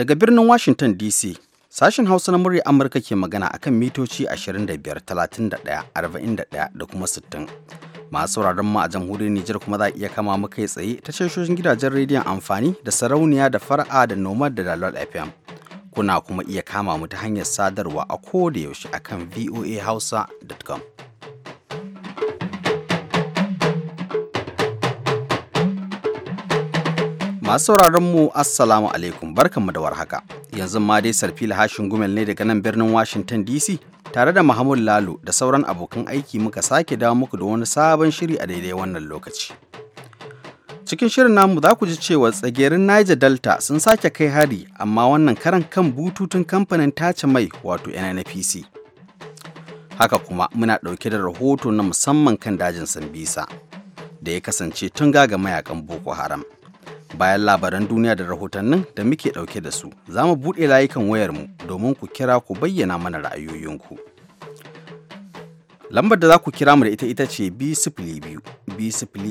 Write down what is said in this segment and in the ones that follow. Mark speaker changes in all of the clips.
Speaker 1: Daga birnin Washington DC, sashen Hausa na murya Amurka ke magana akan mitoci 25, 31, 41 da kuma 60. Masu sauraron mu a jamhuriyar Nijar kuma za a iya kama mu kai tsaye ta tashoshin gidajen rediyon amfani da sarauniya da fara'a da nomad da dalol FM. Kuna kuma iya kama mu ta hanyar sadarwa a koda yaushe akan voahausa.com. Masu sauraron mu Assalamu alaikum barkanmu da warhaka. Yanzu ma dai Sarfila Hashin Gumel ne daga nan birnin Washington DC tare da Muhammad Lalo da sauran abokan aiki muka sake dawo muku da wani sabon shiri a daidai wannan lokaci. cikin shirin namu za ku ji cewa tsagerin Niger Delta sun sake kai hari amma wannan karan kan bututun kamfanin tace mai wato NNPC. Haka kuma muna ɗauke da rahoto na musamman kan dajin Sambisa da ya kasance tun gaga mayakan Boko Haram. bayan labaran duniya da rahotannin da muke ɗauke da su za mu buɗe layukan wayarmu domin ku kira ku bayyana mana ra'ayoyinku lambar da za ku kira mu da ita ita ce b biyu b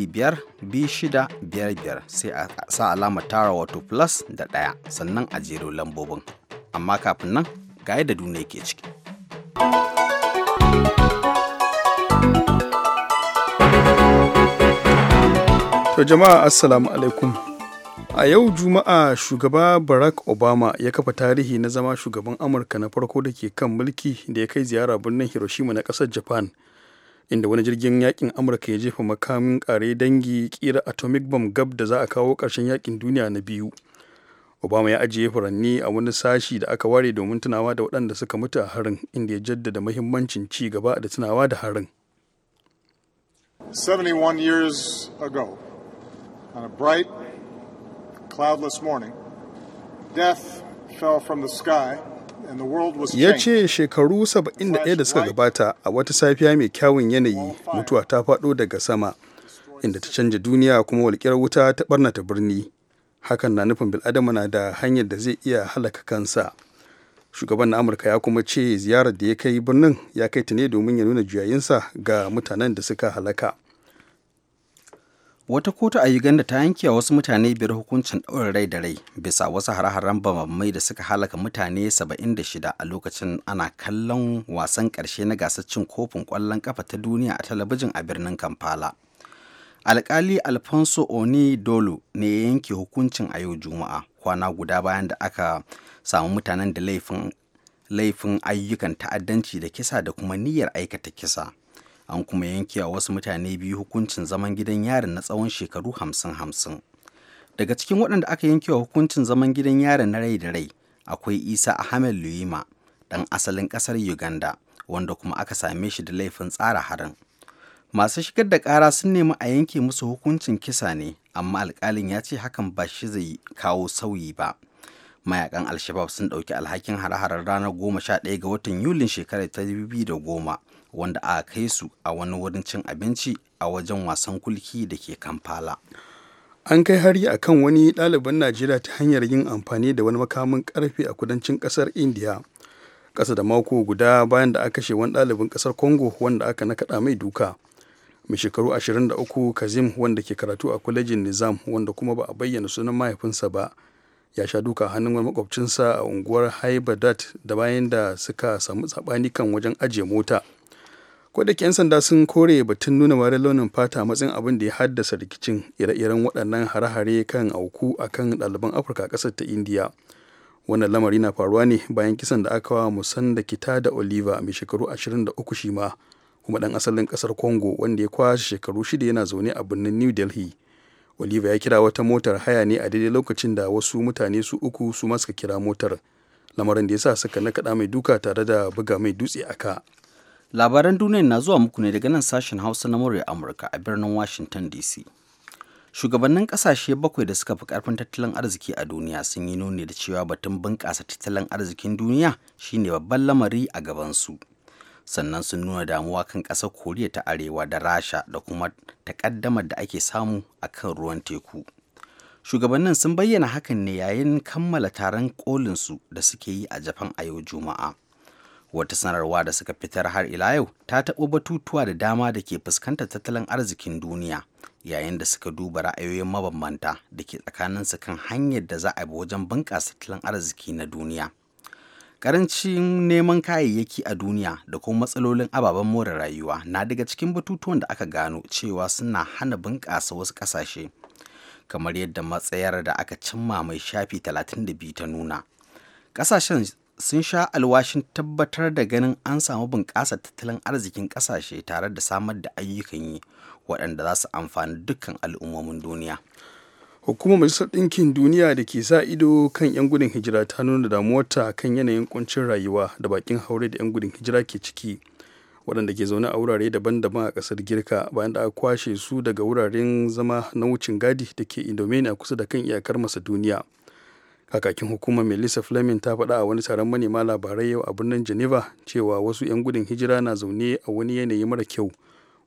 Speaker 1: biyar b shida biyar biyar sai a sa alamar tara wato plus da ɗaya sannan a jero lambobin amma kafin nan ga yadda duniya ke ciki
Speaker 2: to jama'a assalamu alaikum A yau Juma'a shugaba Barack Obama ya kafa tarihi na zama shugaban Amurka na farko da ke kan mulki da ya kai ziyara birnin Hiroshima na ƙasar Japan, inda wani jirgin yakin Amurka ya jefa makamin ƙare dangi ƙira atomic bomb gab da za a kawo ƙarshen yakin duniya na biyu. Obama ya ajiye furanni a wani sashi da aka ware domin tunawa da waɗanda suka mutu a harin, inda ya jaddada mahimmancin ci gaba da tunawa da harin.
Speaker 3: on a bright cloudless morning, death fell from the sky.
Speaker 4: ya
Speaker 2: ce shekaru 71 da suka gabata a wata safiya mai kyawun yanayi mutuwa ta faɗo daga sama inda ta canja duniya kuma walƙiyar wuta ta ɓarnata birni hakan na nufin bil'adama na da hanyar da zai iya halaka kansa shugaban na amurka ya kuma ce ziyarar da ya kai birnin ya kai ta ne domin ya nuna juyayinsa ga mutanen da suka halaka
Speaker 1: wata kotu a uganda ta yanke wa wasu mutane biyar hukuncin ɗaurin rai da rai bisa wasu hare-haren bamamai da suka halaka mutane 76 a lokacin ana kallon wasan ƙarshe na gasar cin kofin ƙwallon ƙafa ta duniya a talabijin a birnin kampala alkali alfonso oni dolo ne ya yanke hukuncin a yau juma'a kwana guda bayan da aka samu mutanen da laifin ayyukan ta'addanci da kisa da kuma niyyar aikata kisa an kuma yanke wa wasu mutane biyu hukuncin zaman gidan yarin na tsawon shekaru hamsin hamsin daga cikin waɗanda aka yanke wa hukuncin zaman gidan yarin na rai da rai akwai isa ahmed luyima ɗan asalin ƙasar uganda wanda kuma aka same shi da laifin tsara harin masu shigar da ƙara sun nemi a yanke musu hukuncin kisa ne amma alƙalin ya ce hakan ba shi zai kawo sauyi ba mayakan alshabab sun ɗauki alhakin hare-haren ranar 11 ga watan yulin shekarar ta 2010 wanda a kai su a wani wurin cin abinci a wajen wasan kulki da ke kampala an kai hari a kan
Speaker 2: wani ɗaliban najeriya ta hanyar yin amfani da wani makamin karfe a kudancin ƙasar indiya ƙasa da mako guda bayan da aka kashe wani ɗalibin ƙasar congo wanda aka nakaɗa mai duka mai shekaru 23 kazim wanda ke karatu a kwalejin nizam wanda kuma ba a bayyana sunan mahaifinsa ba ya sha duka hannun wani makwabcinsa a unguwar haibadat da bayan da suka samu tsabani kan wajen ajiye mota ko da 'yan sanda sun kore batun nuna wari launin fata matsayin abin da ya haddasa rikicin ire-iren waɗannan hare-hare kan auku a kan ɗaliban afirka ƙasar ta indiya wannan lamari na faruwa ne bayan kisan da aka wa da kita da oliva mai shekaru ashirin 23 shi ma kuma ɗan asalin ƙasar congo wanda ya kwashe shekaru shida yana zaune a birnin new delhi oliva ya kira wata motar haya ne a daidai lokacin da wasu mutane su uku su masu kira motar lamarin da ya sa suka nakaɗa
Speaker 1: mai duka tare da buga mai dutse aka. Labaran duniya na zuwa muku ne daga nan sashen Hausa na murya Amurka a birnin Washington DC. Shugabannin kasashe bakwai da suka fi karfin tattalin arziki a duniya sun yi nuni da cewa batun bunƙasa tattalin arzikin duniya shine babban lamari a gaban su Sannan sun nuna damuwa kan ƙasar Koriya ta Arewa da Rasha da kuma takaddamar da ake samu a kan ruwan teku. shugabannin sun bayyana hakan ne yayin kammala taron kolinsu da suke yi a japan a yau juma'a wata sanarwa da suka fitar har ila yau ta taɓo batutuwa da dama da ke fuskantar tattalin arzikin duniya yayin da suka duba ra'ayoyin mabambanta da ke tsakaninsu kan hanyar da za a bi wajen bunƙasa tattalin arziki na duniya Karancin neman kayayyaki a duniya da kuma matsalolin ababen more rayuwa na daga cikin batutuwan da aka gano cewa suna hana bunƙasa wasu ƙasashe kamar yadda matsayar da aka cimma mai shafi 32 ta nuna ƙasashen sun sha alwashin tabbatar da ganin an samu bunƙasa tattalin arzikin ƙasashe tare da samar da ayyukan yi waɗanda za su amfani dukkan al'ummomin duniya. Hukumar Majalisar
Speaker 2: Ɗinkin Duniya da ke sa ido kan 'yan gudun hijira ta nuna damuwarta kan yanayin ƙuncin rayuwa da bakin haure da 'yan gudun hijira ke ciki waɗanda ke zaune a wurare daban-daban a ƙasar Girka bayan da aka kwashe su daga wuraren zama na wucin gadi da ke Indomeni a kusa da kan iyakar masa duniya. kakakin hukumar melissa fleming ta faɗa a wani taron manema labarai yau a birnin geneva cewa wasu 'yan gudun hijira na zaune a wani yanayi mara kyau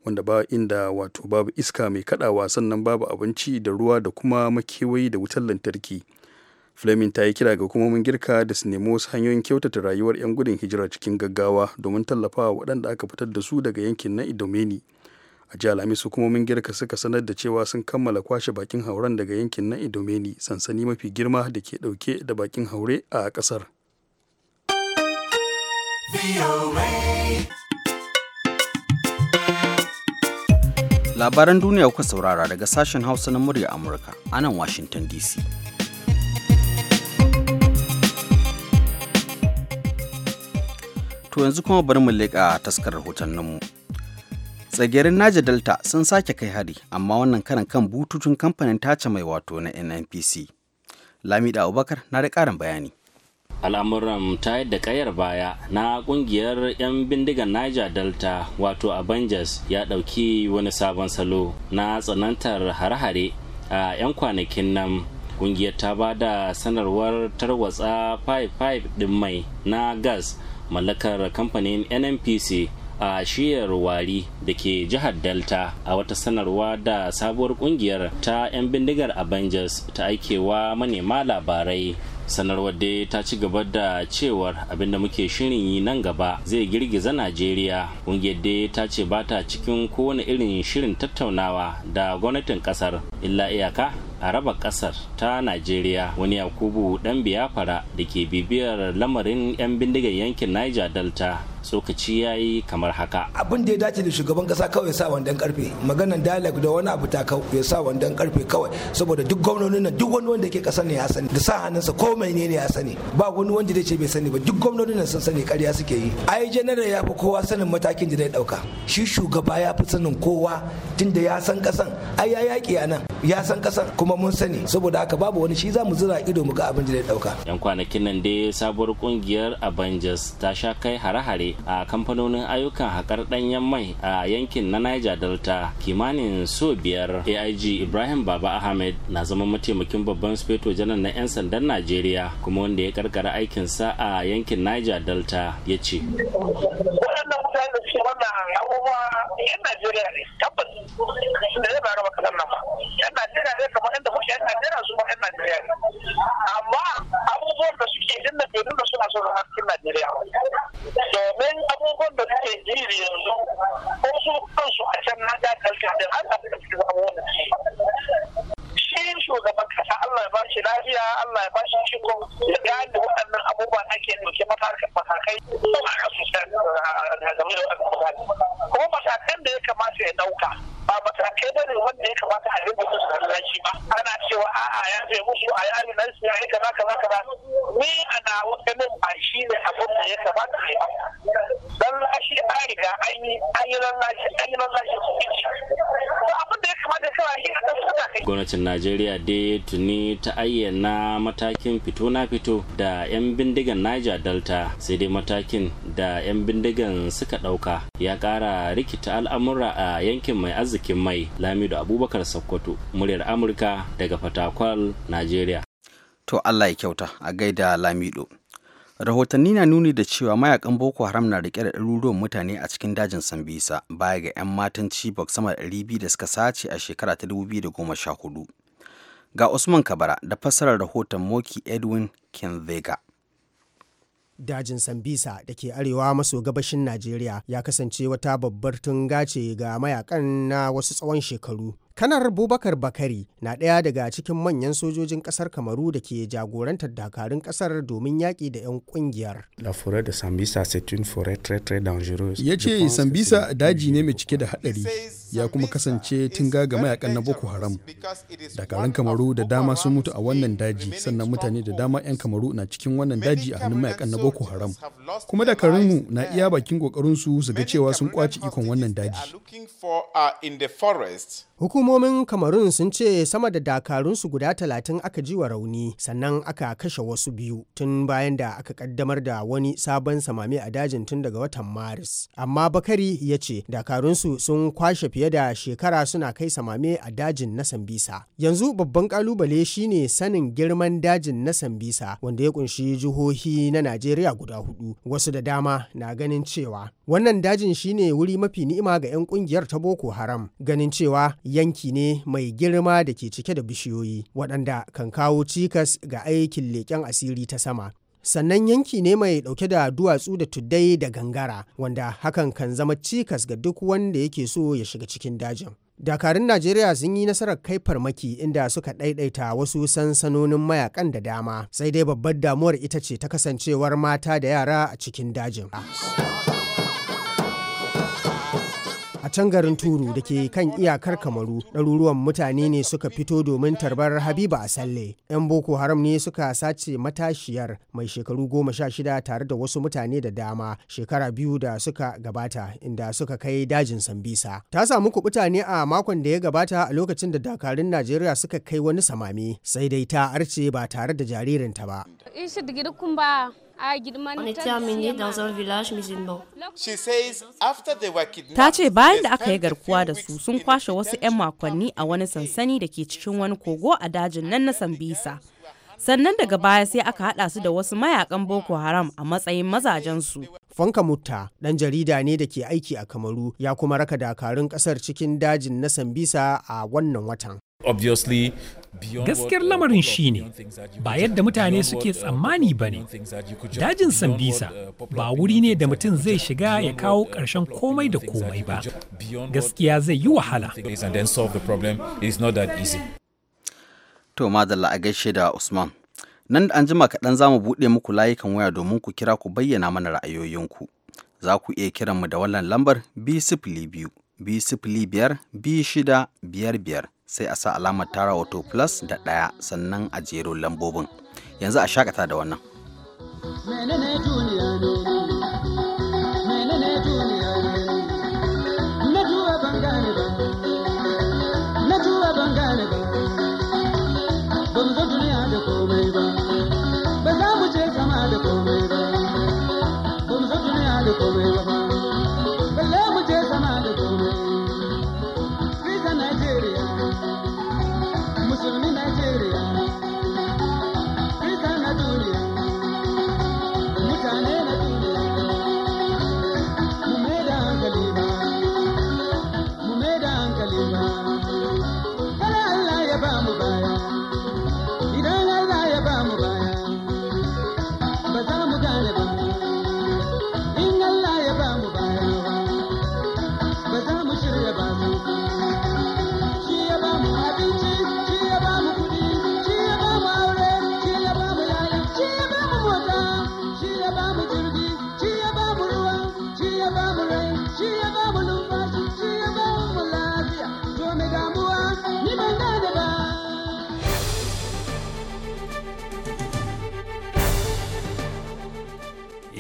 Speaker 2: wanda ba inda wato babu iska mai kaɗawa sannan babu abinci da ruwa da kuma makewayi da wutar lantarki fleming ta yi kira ga hukumomin girka da su nemi wasu hanyoyin kyautata rayuwar 'yan gudun hijira cikin gaggawa domin tallafawa waɗanda aka fitar da su daga yankin na idomeni a jiya alhamis hukumomin girka suka sanar da cewa sun kammala kwashe bakin hauren daga yankin na idomeni sansani mafi girma da ke dauke da bakin haure a kasar
Speaker 1: labaran duniya kuka saurara daga sashen hausa na murya amurka a nan washington dc to yanzu kuma bari mu leƙa taskar rahotanninmu tsagerin naja delta sun sake kai hari amma wannan karan kan bututun kamfanin tace mai wato na nnpc lamida abubakar na da karin bayani
Speaker 5: al'amuran ta yadda kayar baya na kungiyar 'yan bindigan niger delta wato avengers ya ɗauki wani sabon salo na tsanantar hare-hare a 'yan kwanakin nan kungiyar ta ba da sanarwar tarwatsa 5-5 ɗin mai na gas mallakar kamfanin nnpc a shiyar wari da ke jihar delta a wata sanarwa da sabuwar kungiyar ta 'yan bindigar avengers ta aikewa manema labarai sanarwar dai ta ci gaba da cewar abinda muke shirin yi nan gaba zai girgiza najeriya ƙungiyar dai ta ce ba ta cikin kowane irin shirin tattaunawa da gwamnatin kasar illa iyaka a raba kasar ta najeriya wani yakubu dan biyafara da ke bibiyar lamarin 'yan bindigar yankin niger delta sokaci ya yi kamar haka.
Speaker 6: Abin da ya dace da shugaban kasa kawai ya sa wandon karfe maganan dalek da wani abu ta ya sa wandon karfe kawai saboda duk gwamnonin nan duk wani wanda ke kasar ne ya sani da sa hannunsa ko mai ne ya sani ba wani wanda zai ce bai sani ba duk gwamnonin nan sun sani karya suke yi. Ai janaral ya fi kowa sanin matakin da zai dauka shi shugaba ya fi sanin kowa tunda ya san kasan ai ya yaki a nan ya san kasan kuma mun sani saboda haka babu wani shi za mu zira ido mu ga abin da zai dauka.
Speaker 5: Yan kwanakin nan dai sabuwar kungiyar abanjas ta sha kai hare-hare a kamfanonin ayyukan haƙar ɗanyen mai a yankin na niger delta kimanin so biyar aig ibrahim baba ahmed na zama mataimakin babban speto janar na 'yan sandan najeriya kuma wanda ya karkara aikinsa a yankin niger delta ya ce
Speaker 7: mutane da suke wannan abubuwa yan Najeriya ne tabbas da zai bayar maka nan ba yan Najeriya ne kamar yadda muke yan Najeriya su ma yan Najeriya ne amma abubuwan da suke yin da bai nuna suna son harkin Najeriya domin abubuwan da suke jiri yanzu ko su kansu a can na ga kalkar da har da suke zama wanda shi shugaban kasa Allah ya ba shi lafiya Allah ya ba shi shigo ya gane waɗannan abubuwan ake ɗauke matakai kuma matakan da ya kamata ya
Speaker 6: ɗauka ba matakai ba ne wanda ya kamata a yi musu ba ana cewa a'a ya fi musu a yi alinan su ya yi kaza kaza kaza ni ana ba shi ne abin da ya
Speaker 7: kamata a yi ba dan lashi a riga an yi an yi an yi su abin da ya kamata kawai a
Speaker 5: gwamnatin Najeriya najeriya dai tuni ta ayyana matakin fito na fito da 'yan bindigan niger delta sai dai matakin da 'yan bindigan suka ɗauka ya ƙara rikita al'amura a yankin mai arzikin mai lamido abubakar sokoto muryar amurka daga fatakwal
Speaker 1: najeriya to allah ya kyauta a gaida lamido rahotanni na nuni da cewa mayakan boko haram na rike da ɗaruruwan mutane a cikin dajin sambisa baya ga 'yan matan chibok sama da 200 da suka sace a shekara ta 2014 Ga Usman Kabara da fassarar rahoton Moki Edwin Kinvega.
Speaker 4: dajin sambisa da ke arewa maso gabashin najeriya ya kasance wata babbar tunga ce ga mayakan na wasu tsawon shekaru kanar bubakar bakari na ɗaya daga cikin manyan sojojin ƙasar kamaru da ke jagorantar dakarun ƙasar domin yaƙi da 'yan ƙungiyar
Speaker 2: ya ce sambisa daji ne mai cike da haɗari ya kuma kasance tun ga mayakan na boko haram dakarun kamaru da dama sun mutu a wannan daji sannan mutane da dama 'yan kamaru na cikin wannan daji a hannun mayakan na boko haram
Speaker 4: kuma dakarunmu na iya bakin ƙoƙarinsu su ga cewa sun kwace ikon wannan daji Hukumomin Kamarun sun ce sama da dakarunsu guda talatin aka ji wa rauni sannan aka kashe wasu biyu tun bayan da aka kaddamar da wani sabon samame a dajin tun daga watan Maris. Amma Bakari ya ce dakarunsu sun kwashe fiye da shekara suna kai samame a dajin na Sambisa. Yanzu babban kalubale shine sanin girman dajin na Sambisa wanda ya kunshi jihohi na Najeriya guda hudu. Wasu da dama na ganin cewa wannan dajin shine wuri mafi ni'ima ga 'yan kungiyar ta Boko Haram ganin cewa yankin yanki ne mai girma da ke cike da bishiyoyi waɗanda kan kawo cikas ga aikin leƙen asiri ta sama sannan yanki ne mai ɗauke da duwatsu da tuddai da gangara wanda hakan kan zama cikas ga duk wanda yake so ya shiga cikin dajin dakarun najeriya sun yi nasarar kai farmaki inda suka ɗaiɗaita wasu sansanonin mayakan da dama sai dai babbar damuwar ita ce ta kasancewar mata da yara a cikin dajin a can garin turu da ke kan iyakar kamaru ɗaruruwan mutane ne suka fito domin tarbar habiba a salle 'yan boko haram ne suka sace matashiyar mai shekaru goma sha shida tare da wasu mutane da dama shekara biyu da suka gabata inda suka kai dajin sambisa ta samu kubuta ne a makon da ya gabata a lokacin da dakarun najeriya suka kai wani samami sai dai ta arce ba tare da jaririnta ba
Speaker 7: Ah,
Speaker 6: Ta ce bayan da aka yi
Speaker 4: garkuwa da
Speaker 5: su sun kwashe wasu 'yan makonni a wani sansani da ke cikin wani kogo a dajin nan na Sambisa. Sannan daga baya sai aka haɗa su da wasu mayakan Boko Haram a matsayin mazajensu.
Speaker 4: Fanka Mutta ɗan jarida ne da ke aiki a Kamaru ya kuma raka dakarun ƙasar cikin dajin na Sambisa a wannan watan.
Speaker 6: obviously gaskiyar lamarin ne ba yadda mutane suke uh, tsammani uh, ba ne dajin sambisa
Speaker 7: ba wuri ne da mutum zai shiga ya kawo uh, ƙarshen komai da komai ba
Speaker 1: gaskiya zai yi wahala to madalla a gaishe da usman nan da an jima kaɗan za mu buɗe muku layukan waya domin ku kira ku bayyana mana ra'ayoyinku za ku iya kiran mu da wannan lambar b sifili biyu b sifili biyar sai a sa alamar tara wato plus da ɗaya sannan a jero lambobin yanzu a shakata da wannan menene duniya menene duniya ba ba da komai ba ba za mu je kama da komai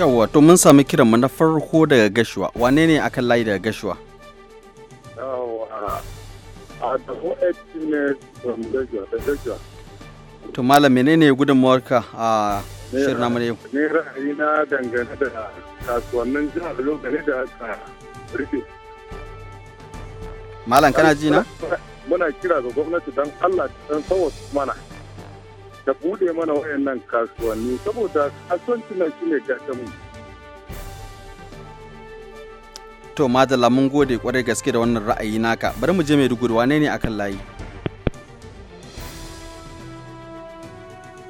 Speaker 1: Yawwa to mun sami kiran mu na farko daga gashuwa. Wane ne akan layi daga gashuwa?
Speaker 3: Yawwa. A da ne from gashuwa da gashuwa.
Speaker 1: To malam menene gudunmawarka a shirin namu yau?
Speaker 3: ne ra'ayi na dangane da kasuwannin jihar Lagos da aka rufe.
Speaker 1: Malam kana ji na?
Speaker 3: Muna kira ga gwamnati don Allah ta san sawa mana. ta bude mana wayannan kasuwanni saboda kasuwanci na shine mu.
Speaker 1: To madalla mun gode kwarai gaske da wannan ra'ayi naka bari mu je Maiduguri wane ne akan layi?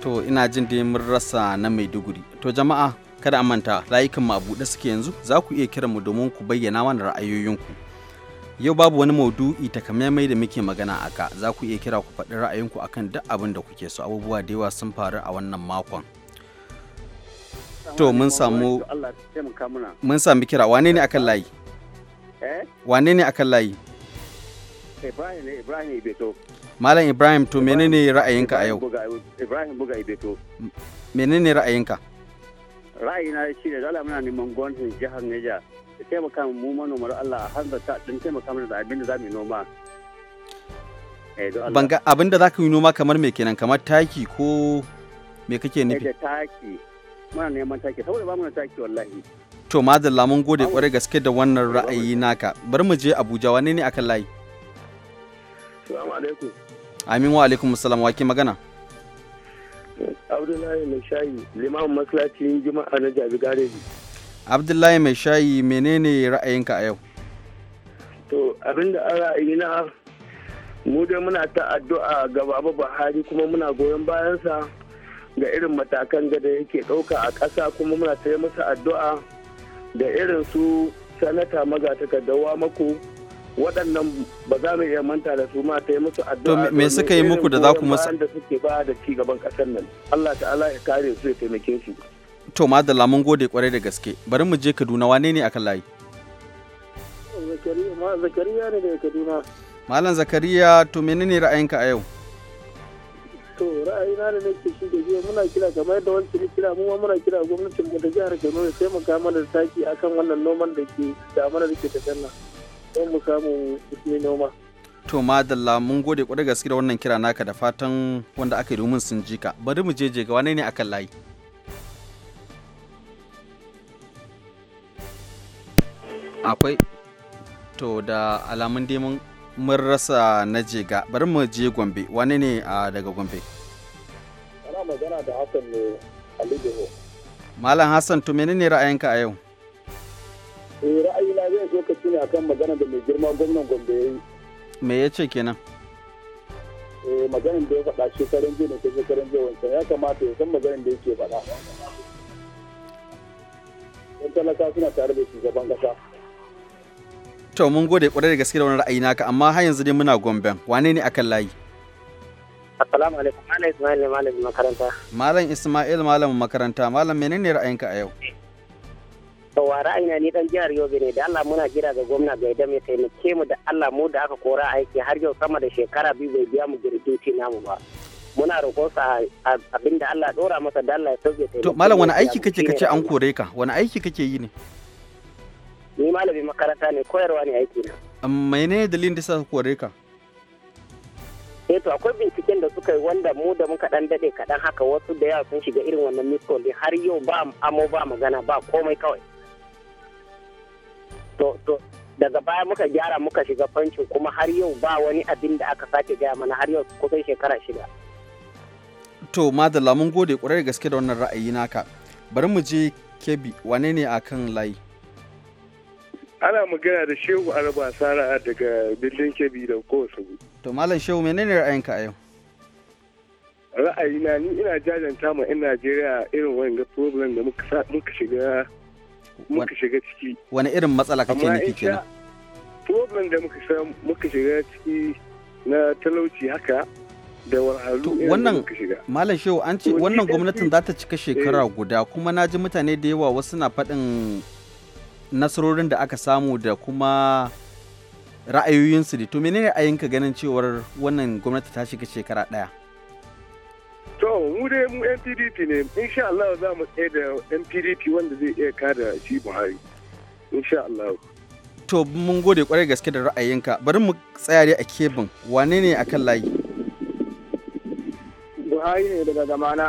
Speaker 1: To ina jin dai mun rasa na Maiduguri. To jama'a kada a manta layukan mu a buɗe suke yanzu za ku iya kiran mu domin ku bayyana mana ra'ayoyinku. yau babu wani maudu'i takamaimai da muke magana aka za ku iya kira ku faɗi ra'ayinku akan duk abin da kuke so abubuwa da yawa sun faru a wannan makon to mun samu mun samu kira wane ne akan layi eh? wane ne akan layi
Speaker 3: ibrahim ne ibrahim ibeto
Speaker 1: malam ibrahim to menene ra'ayinka a yau
Speaker 3: ibrahim buga ibeto
Speaker 1: menene ra'ayinka
Speaker 3: ra'ayina shi ne dole muna neman gwamnatin jihar Niger da taimaka mu manoma da Allah a hanzarta don taimaka mana da abin da za mu yi noma. Eh, Banga
Speaker 1: abin da za ka yi noma kamar me kenan kamar taki ko me kake nufi? Eh, da
Speaker 3: taki muna neman taki saboda ba mu da taki wallahi.
Speaker 1: To madalla mun gode kware gaske da wannan ra'ayi naka bari mu je Abuja wane ne akan layi?
Speaker 3: Salamu alaikum.
Speaker 1: Amin wa alaikum salam wa ke magana?
Speaker 3: Abdullahi mai shayi limamin masallacin Juma'a na Jabi Gareji.
Speaker 1: Abdullahi mai shayi menene ra'ayinka a yau?
Speaker 3: To abinda a ra'ayina mu dai muna ta addu'a ga Baba Buhari kuma muna goyon bayansa ga irin matakan gada yake ɗauka a ƙasa kuma muna ta masa addu'a da irin su sanata maga mako waɗannan ba za mu iya manta da su ma ta yi musu addu'a to me suka yi muku da za ku musu Wanda suke ba da ci gaban ƙasar nan Allah ta'ala ya kare
Speaker 1: su ya taimake su to madalla mun gode kwarai da gaske bari mu je Kaduna wane ne akan layi
Speaker 3: Zakariya ne daga Kaduna
Speaker 1: Malam Zakariya to menene ra'ayinka a yau
Speaker 3: to ra'ayina da nake shi da jiya muna kira kamar yadda wancan kira mu muna kira gwamnatin mu da jihar Kaduna sai mu mana da taki akan wannan noman da ke da amana da ke tafiya don mu samu ismi noma
Speaker 1: to madalla mun gode kwarai gaske da wannan kira naka da fatan wanda aka yi domin sun ji ka bari mu je je ga wane ne akan layi akwai to da alamun dai mun mun rasa na jega bari mu je gombe wane ne a daga gombe
Speaker 3: ana magana da hassan ne alibiho
Speaker 1: malam hassan to menene ra'ayinka a yau
Speaker 3: eh, na zai so shine akan magana da mai girma gwamnan Gombe yi
Speaker 1: me ya ce kenan
Speaker 3: eh maganin da ya faɗa shekaran jiya ne ko shekaran jiya wancan ya kamata ya san maganin da yake faɗa yan talaka suna tare da shugaban kasa
Speaker 1: to mun gode kwarai da gaske da wani ra'ayi naka amma har yanzu dai muna gomben wane ne akan layi
Speaker 7: Assalamu alaikum. Malam Ismail ne makaranta.
Speaker 1: Malam Ismail malamin makaranta. Malam menene ra'ayinka a yau?
Speaker 7: to wa ra'ayina ni dan jihar Yobe ne da Allah muna jira ga gwamna ga idan ya taimake mu da Allah mu da aka kora aiki har yau sama da shekara biyu bai biya mu girgiti namu ba muna roƙon sa abin da Allah dora masa da Allah ya sauke ta. to malam wani aiki kake kace an kore
Speaker 1: ka wani aiki kake yi ne
Speaker 7: ni malami makaranta ne koyarwa ne aiki
Speaker 1: na ne dalilin da sa kore ka
Speaker 7: eh to akwai binciken da suka yi wanda mu da muka dan dade kadan haka wasu da yawa sun shiga irin wannan miscall har yau ba amo ba magana ba komai kawai to daga baya muka gyara muka shiga fancin kuma har yau ba wani abin da aka sake gaya mana har yau kusan shekara shida
Speaker 1: to madalla mun gode kurai gaske da wannan ra'ayi naka bari mu je kebi wane ne akan layi
Speaker 3: ana magana da shehu araba sara daga birnin kebi da kowace
Speaker 1: to malam shehu menene ra'ayinka a yau
Speaker 3: ra'ayina ni ina jajanta ma 'yan najeriya irin wani problem da muka shiga muka shiga ciki
Speaker 4: wani irin matsala kake nufi kenan
Speaker 3: problem da muka sa muka shiga ciki na talauci haka da wahalhalu wannan
Speaker 1: malam shehu an ce wannan gwamnatin za ta cika shekara eh. guda kuma na ji mutane da yawa wasu na faɗin nasarorin da aka samu da kuma ra'ayoyinsu da to menene ayinka ganin cewar wannan gwamnati ta shiga shekara ɗaya
Speaker 3: To mu dai mu NPDP ne insha Allah za mu tsaye da NPDP wanda zai iya kada shi Buhari insha Allah.
Speaker 1: To mun gode kwarai gaske da ra'ayinka bari mu tsaya dai a kebin wane ne a kan layi?
Speaker 3: Buhari ne daga zamana.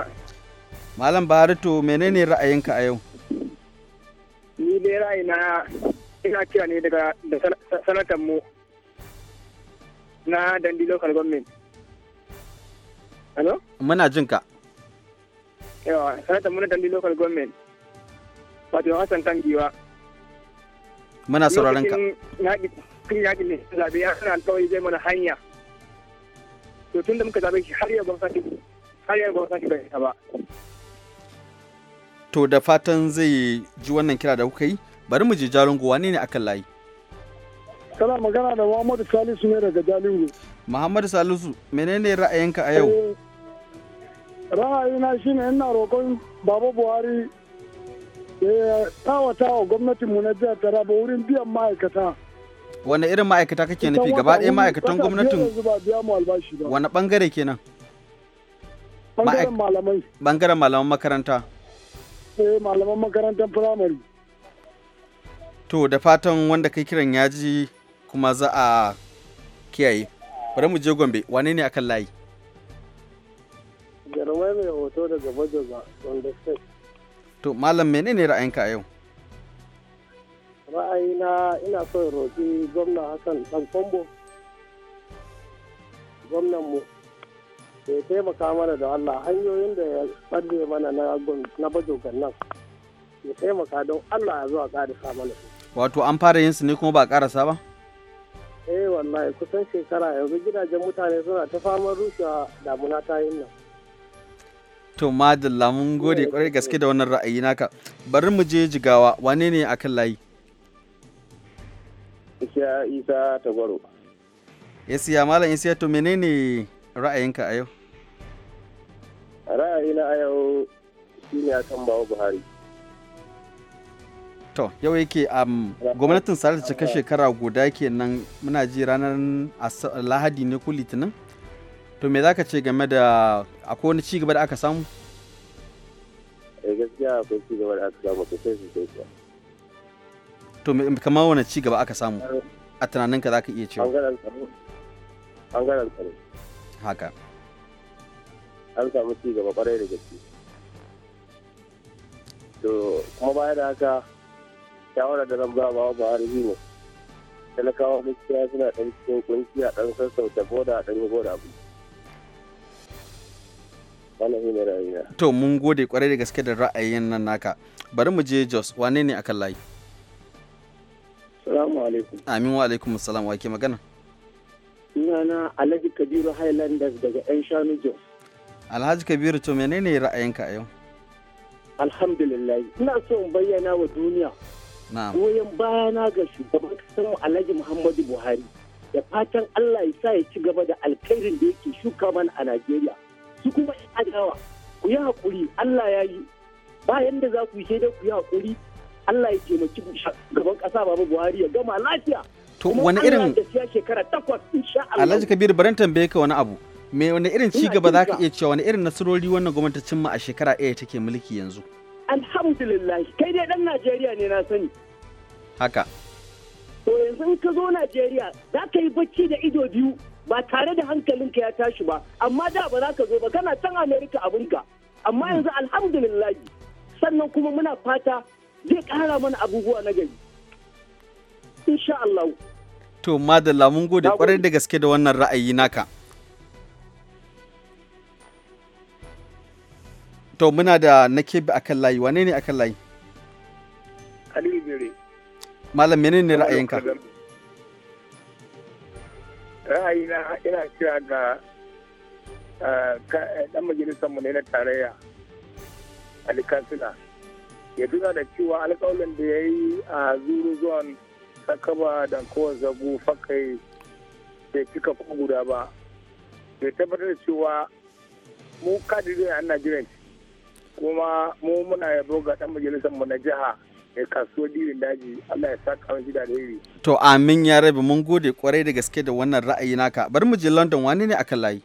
Speaker 1: Malam Buhari to menene ra'ayinka a yau?
Speaker 7: Ni dai ra'ayina ina kira ne daga da sanatan mu na Dandi Local Government.
Speaker 3: Hello?
Speaker 1: Muna jin ka.
Speaker 3: Yawa, sanata muna dandi local government. Wato san kan giwa.
Speaker 1: Muna sauraron ka.
Speaker 7: Lokacin yaƙi ne zaɓe ya suna alkawai zai mana hanya.
Speaker 3: To tun da muka zaɓe shi har yau gwamnati, har yau gwamnati bai ta ba.
Speaker 1: To da fatan zai ji wannan kira da kuka yi, bari mu je jarin gowa ne akan layi.
Speaker 3: kana magana da Muhammadu Salisu ne daga Jalingo.
Speaker 1: Muhammadu Salisu, menene ra'ayinka a yau? Eh,
Speaker 3: ra'ayina shine ina roƙon Baba Buhari ya tawata wa gwamnatinmu na jihar Taraba wurin biyan ma'aikata.
Speaker 1: Wane irin ma'aikata kake nufi gaba ɗaya ma'aikatan gwamnatin? Wane ɓangare kenan?
Speaker 3: Ɓangaren malamai.
Speaker 1: Ɓangaren malaman makaranta.
Speaker 3: Eh malaman makarantar firamare.
Speaker 1: To da fatan wanda kai kiran ya ji kuma za a kiyaye bari mu je gombe wane ne akan layi
Speaker 3: jarumai mai hoto daga bajoga wanda state
Speaker 1: to malam ne ra'ayinka a yau
Speaker 3: ra'ayina ina son roƙi gwamna hassan ɗan kwambo gwamnan mu da ya taimaka mana da allah hanyoyin da ya ɓalle mana na bajogan nan ya taimaka don allah ya zuwa ƙarisa mana
Speaker 1: wato an fara yin su ne kuma ba ƙarasa ba
Speaker 3: eh wallahi kusan shekara yanzu gidajen mutane suna ta faman rushewa damuna ta yin nan
Speaker 1: to madalla mun gode kwarai gaske da wannan ra'ayi naka bari mu je jigawa wane ne akan layi
Speaker 3: isa Isa Tagwaro.
Speaker 1: Isiya Malam isa to menene ra'ayinka a yau?
Speaker 3: Ra'ayina a yau shine akan Bawa Buhari.
Speaker 1: to yau yake um, gwamnatin sare ta cika shekara guda kenan muna ji ranar lahadi ne ko litinin to me za ka ce game da akwai wani ci gaba da aka samu
Speaker 3: eh gaskiya akwai
Speaker 1: to kamar wani ci gaba aka samu a tunaninka za ka iya cewa an gara tsaro haka
Speaker 3: an samu ci gaba kwarai da gaske to kuma baya da haka shawarar da zan ba wa Buhari ne talakawa gaskiya suna ɗan cikin kunci a ɗan sassauta boda a ɗan yi boda abu
Speaker 1: to mun gode kwarai da gaske da ra'ayin nan naka bari mu je jos wane ne akan layi
Speaker 3: salamu alaikum
Speaker 1: amin wa alaikum salam wa ke magana
Speaker 3: sunana alhaji kabiru highlanders daga yan shanu jos
Speaker 1: alhaji kabiru to menene ra'ayinka a yau
Speaker 3: alhamdulillah ina so in bayyana wa duniya goyon bayana ga
Speaker 7: shugaban kasar mu Alhaji Muhammadu Buhari da fatan Allah ya sa ya ci gaba da alkhairin da yake shuka mana a Najeriya su kuma adawa ku yi hakuri Allah ya yi bayan da za ku yi sai ku yi hakuri Allah ya taimaki gaban kasa Baba Buhari ya gama lafiya to wani irin Alhaji
Speaker 1: Kabir barin tambaye ka wani abu me wani irin ci gaba za ka iya cewa wani irin nasarori wannan gwamnati cimma a shekara ɗaya take mulki yanzu
Speaker 7: alhamdulillah kai dai dan najeriya ne na sani haka to yanzu in ka zo najeriya za ka yi bacci da ido biyu ba tare da hankalinka ya tashi ba amma da ba za ka zo ba kana can amerika abinka amma hmm. yanzu alhamdulillah sannan kuma muna fata zai kara mana abubuwa na gari insha Allah
Speaker 1: to madalla mun gode kwarai da gaske da wannan ra'ayi naka To muna da na kebe akan layi wane ne akan layi? Khalil Bere. Malam menene ne ra'ayinka?
Speaker 3: Ra'ayina ina kira ga ɗan mu ne na tarayya Ali Kansila. Ya duna da cewa alƙawalin da ya yi a zuru zuwan sakaba da kowar zagu fakai bai cika ko guda ba. Bai tabbatar da cewa mu kadiri a Najeriya kuma mu muna yabo ga dan majalisar mu na jiha ya kasuwar dirin daji Allah ya saka mu da alheri
Speaker 1: to amin ya rabi mun gode kwarai da gaske da wannan ra'ayi naka bari mu je London wani ne akan layi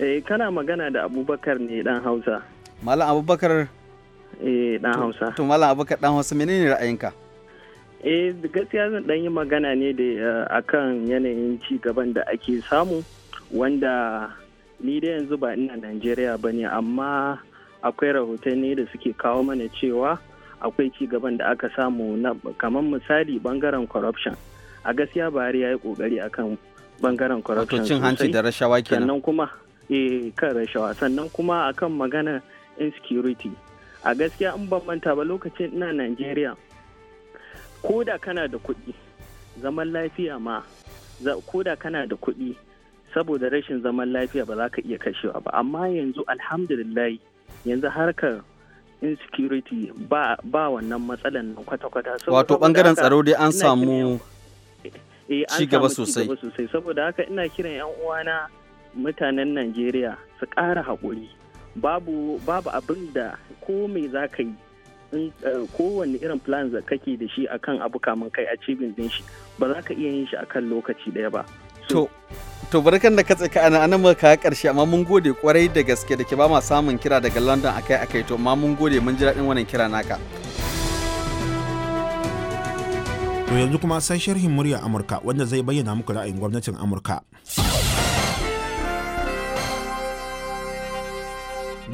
Speaker 1: eh kana magana da Abubakar ne dan Hausa Malam Abubakar eh dan Hausa to Malam Abubakar dan Hausa menene ra'ayinka eh gaskiya
Speaker 7: zan dan yi magana ne da eh, akan yanayin ci gaban da ake samu wanda ni da yanzu ba ina Najeriya bane amma akwai rahotanni da suke kawo mana cewa akwai ci gaban da aka samu na kamar misali bangaren corruption a gaskiya bari ya yi kokari akan bangaren corruption cin hanci da
Speaker 1: rashawa kenan sannan
Speaker 7: kuma eh kan rashawa sannan kuma akan magana insecurity a gaskiya in ban manta ba lokacin ina Najeriya ko da kana da kuɗi zaman lafiya ma ko da kana da kuɗi saboda rashin zaman lafiya ba za ka iya kashewa ba amma yanzu alhamdulillah. yanzu harkar insecurity ba wannan matsalan kwata-kwata. Wato bangaren tsaro dai an eh, samu ci gaba sosai. Saboda haka ina kiran 'yan uwana mutanen Najeriya su ƙara haƙuri. Babu abin da ko me za ka yi eh, kowanne irin plan da kake da shi akan abu kamun kai a cibin din shi ba za ka iya yin
Speaker 1: shi akan lokaci ɗaya ba. To, to barkan da ka tsaka ana ana muka karshe amma mun gode kwarai da gaske da ke ba ma samun kira daga London akai akai to amma mun gode mun ji daɗin wannan kira naka.
Speaker 6: To yanzu kuma sai sharhin murya Amurka wanda zai bayyana muku ra'ayin gwamnatin Amurka.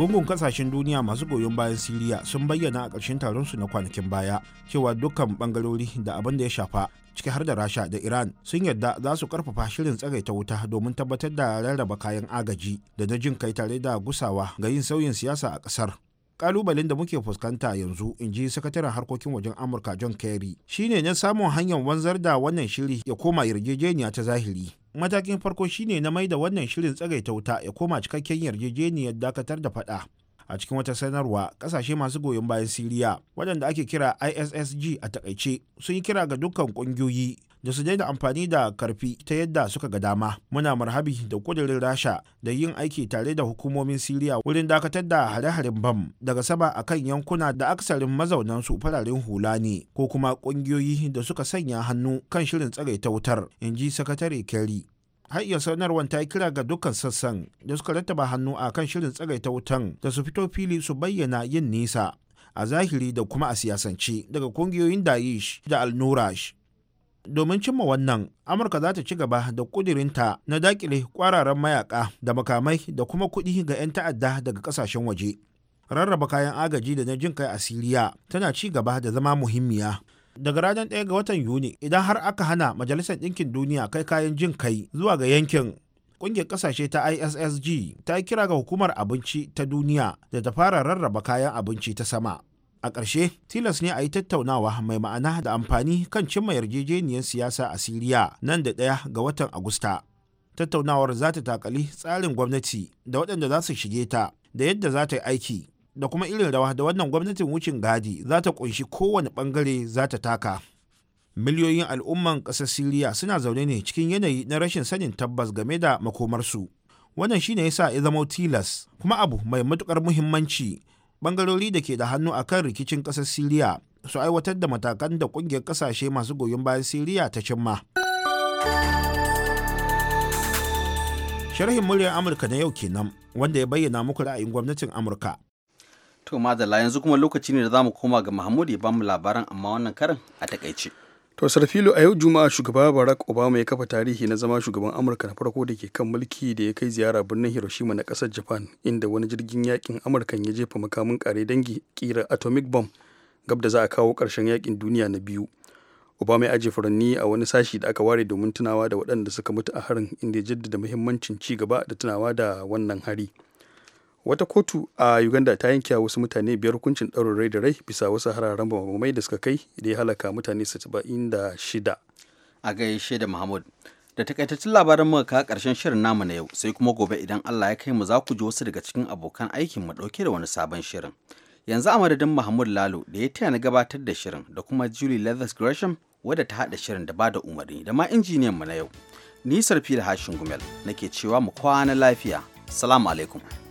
Speaker 6: gungun kasashen duniya masu goyon bayan siriya sun bayyana a ƙarshen taron su na kwanakin baya cewa dukkan bangarori da abin da ya shafa ciki har da rasha da iran sun yarda za su karfafa shirin tsagaita wuta domin tabbatar da rarraba kayan agaji da na jin kai tare da gusawa ga yin sauyin siyasa a ƙasar kalubalen da muke fuskanta yanzu in ji sakataren harkokin wajen amurka john kerry shine na samun hanyar wanzar da wannan shiri ya koma yarjejeniya ta zahiri matakin farko shine na mai da wannan shirin tsagaita wuta ya koma cikakken yarjejeniyar dakatar da fada a cikin wata sanarwa kasashe masu goyon bayan siriya waɗanda ake kira issg a takaice sun yi kira ga dukkan ƙungiyoyi da su daina amfani da karfi ta yadda suka ga dama muna marhabi da kudirin rasha da yin aiki tare da hukumomin siriya wurin dakatar da hare-haren bam daga sama kan yankuna da aksarin mazaunan su fararen hula ne ko kuma kungiyoyi da suka sanya hannu kan shirin ta wutar in ji sakatare kerry har iya sanarwar ta kira ga dukkan sassan da suka rattaba hannu a kan shirin ta wutan da su fito fili su bayyana yin nisa a zahiri da kuma a siyasance daga kungiyoyin daesh da al-nurash domin cimma wannan amurka za ta ci gaba da kudirinta na dakile kwararan mayaka da makamai da kuma kuɗi ga 'yan ta'adda daga kasashen waje rarraba kayan agaji da na jin kai a siriya tana ci gaba da zama muhimmiya daga ranar 1 ga watan yuni idan har aka hana majalisar ɗinkin duniya kai kayan jin kai zuwa ga yankin ƙungiyar ƙasashe ta issg ta kira ga hukumar abinci ta duniya da ta fara rarraba kayan abinci ta sama a ƙarshe tilas ne a yi tattaunawa mai ma'ana da amfani kan cimma yarjejeniyar siyasa a siriya nan da ɗaya ga watan agusta tattaunawar za ta takali tsarin gwamnati da waɗanda za su shige ta da yadda za ta yi aiki da kuma irin rawa da wannan gwamnatin wucin gadi za ta ƙunshi kowane ɓangare za ta taka miliyoyin al'umman ƙasar siriya suna zaune ne cikin yanayi na rashin sanin tabbas game da makomarsu wannan shine yasa ya zama tilas kuma abu mai matuƙar muhimmanci bangarori da ke da hannu a kan rikicin ƙasar siriya su aiwatar da matakan da ƙungiyar ƙasashe masu goyon bayan siriya ta cimma sharhin muryar amurka na yau kenan wanda ya bayyana muku ra'ayin gwamnatin amurka
Speaker 1: to madalla yanzu kuma lokaci ne da za mu koma ga mahmud ya ba mu labaran amma wannan karin a takaice
Speaker 6: To Sarfilo
Speaker 2: a yau Juma'a shugaba Barack Obama ya kafa tarihi na zama shugaban Amurka na farko da ke kan mulki da ya kai ziyara birnin Hiroshima na kasar Japan inda wani jirgin yakin amurka ya jefa makamin kare dangi kira atomic bomb gab da za a kawo karshen yakin duniya na biyu. Obama ya ajiye furanni a wani sashi da aka ware domin tunawa da waɗanda suka mutu a harin inda ya jaddada muhimmancin ci gaba da tunawa da wannan hari. wata kotu a uganda ta yanke wasu mutane biyar hukuncin ɗaurin rai da rai bisa wasu hararen bambamai da suka kai da ya halaka mutane 76
Speaker 1: a gaishe da mahmud da takaitaccen labarin mu ka karshen shirin namu na yau sai kuma gobe idan allah ya kai mu za ku ji wasu daga cikin abokan aikin mu ɗauke da wani sabon shirin yanzu a madadin mahmud lalo da ya taya na gabatar da shirin da kuma julie leathers gresham wadda ta haɗa shirin da ba da umarni da ma injiniyan mu na yau nisar fil hashin gumel nake cewa mu kwana lafiya salamu alaikum